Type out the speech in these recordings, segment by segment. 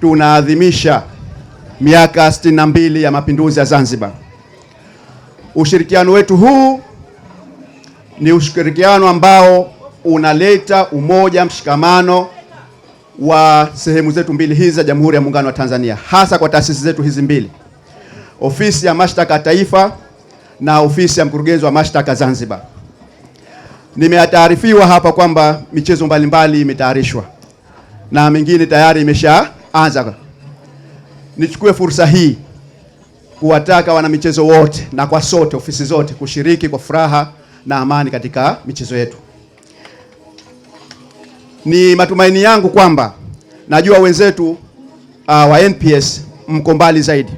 Tunaadhimisha miaka sitini mbili ya mapinduzi ya Zanzibar. Ushirikiano wetu huu ni ushirikiano ambao unaleta umoja, mshikamano wa sehemu zetu mbili hizi za Jamhuri ya Muungano wa Tanzania, hasa kwa taasisi zetu hizi mbili, ofisi ya mashtaka ya taifa na ofisi ya mkurugenzi wa mashtaka Zanzibar. Nimetaarifiwa hapa kwamba michezo mbalimbali imetayarishwa na mingine tayari imesha Anza. Nichukue fursa hii kuwataka wanamichezo wote na kwa sote ofisi zote kushiriki kwa furaha na amani katika michezo yetu. Ni matumaini yangu kwamba najua wenzetu uh, wa NPS mko mbali zaidi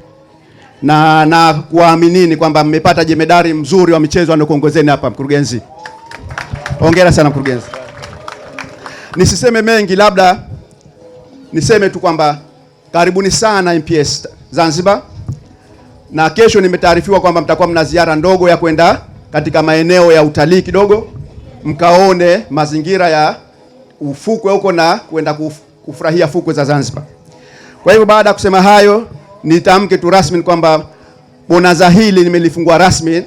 na na kuwaaminini kwamba mmepata jemedari mzuri wa michezo anakuongozeni hapa mkurugenzi. Hongera sana mkurugenzi. Nisiseme mengi labda niseme tu kwamba karibuni sana MPS Zanzibar, na kesho nimetaarifiwa kwamba mtakuwa mna ziara ndogo ya kwenda katika maeneo ya utalii kidogo, mkaone mazingira ya ufukwe huko na kwenda kufurahia fukwe za Zanzibar. Kwa hivyo baada ya kusema hayo, nitamke tu rasmi kwamba bonanza hili nimelifungua rasmi.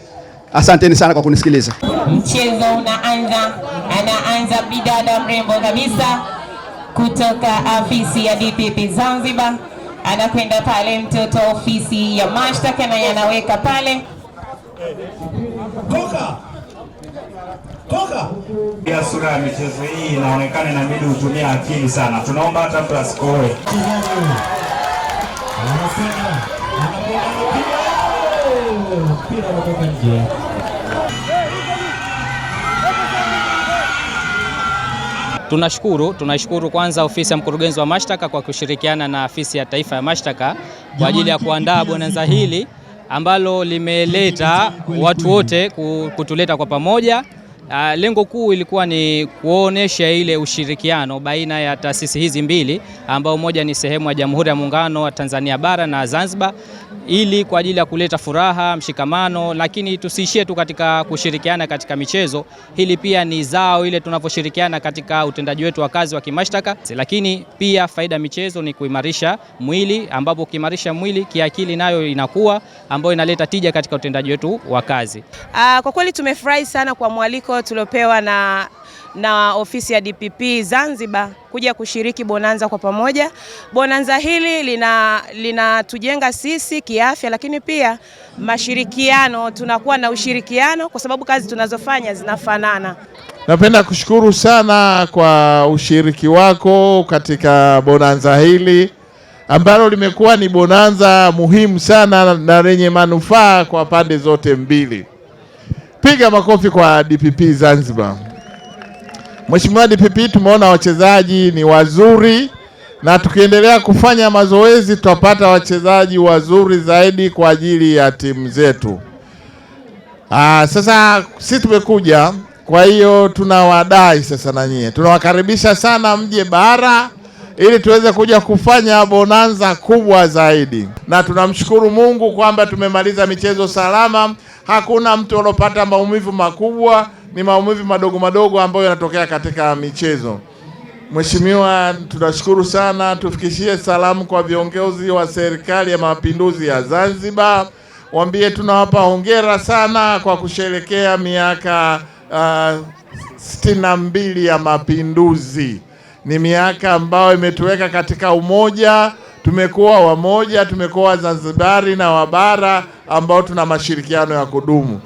Asanteni sana kwa kunisikiliza. Mchezo unaanza, anaanza bidada mrembo kabisa kutoka afisi ya DPP Zanzibar, anakwenda pale mtoto ofisi ya mashtaka na yanaweka pale toka toka ya sura ya michezo hii inaonekana inabidi utumie akili sana. Tunaomba hata mtu asikoe mpira nje. Tunashukuru, tunashukuru kwanza ofisi ya mkurugenzi wa mashtaka kwa kushirikiana na afisi ya taifa ya mashtaka kwa ajili ya kuandaa bonanza hili ambalo limeleta watu wote kutuleta kwa pamoja Uh, lengo kuu ilikuwa ni kuonesha ile ushirikiano baina ya taasisi hizi mbili ambao moja ni sehemu ya Jamhuri ya Muungano wa Tanzania Bara na Zanzibar, ili kwa ajili ya kuleta furaha, mshikamano, lakini tusiishie tu katika kushirikiana katika michezo. Hili pia ni zao ile tunavyoshirikiana katika utendaji wetu wa kazi wa kimashtaka, lakini pia faida ya michezo ni kuimarisha mwili, ambapo ukiimarisha mwili kiakili nayo inakuwa, ambayo inaleta tija katika utendaji wetu wa kazi. Uh, kwa kweli tumefurahi sana kwa mwaliko mwaliko tuliopewa na, na ofisi ya DPP Zanzibar kuja kushiriki bonanza kwa pamoja. Bonanza hili linatujenga lina sisi kiafya, lakini pia mashirikiano, tunakuwa na ushirikiano kwa sababu kazi tunazofanya zinafanana. Napenda kushukuru sana kwa ushiriki wako katika bonanza hili ambalo limekuwa ni bonanza muhimu sana na lenye manufaa kwa pande zote mbili. Piga makofi kwa DPP Zanzibar. Mheshimiwa DPP, tumeona wachezaji ni wazuri na tukiendelea kufanya mazoezi tutapata wachezaji wazuri zaidi kwa ajili ya timu zetu. Aa, ah, sasa sisi tumekuja, kwa hiyo tunawadai sasa na nyie, tunawakaribisha sana mje bara ili tuweze kuja kufanya bonanza kubwa zaidi, na tunamshukuru Mungu kwamba tumemaliza michezo salama. Hakuna mtu alopata maumivu makubwa, ni maumivu madogo madogo ambayo yanatokea katika michezo. Mheshimiwa, tunashukuru sana. Tufikishie salamu kwa viongozi wa Serikali ya Mapinduzi ya Zanzibar, waambie tunawapa hongera sana kwa kusherekea miaka uh, sitini na mbili ya mapinduzi ni miaka ambayo imetuweka katika umoja. Tumekuwa wamoja, tumekuwa Wazanzibari na Wabara ambao tuna mashirikiano ya kudumu.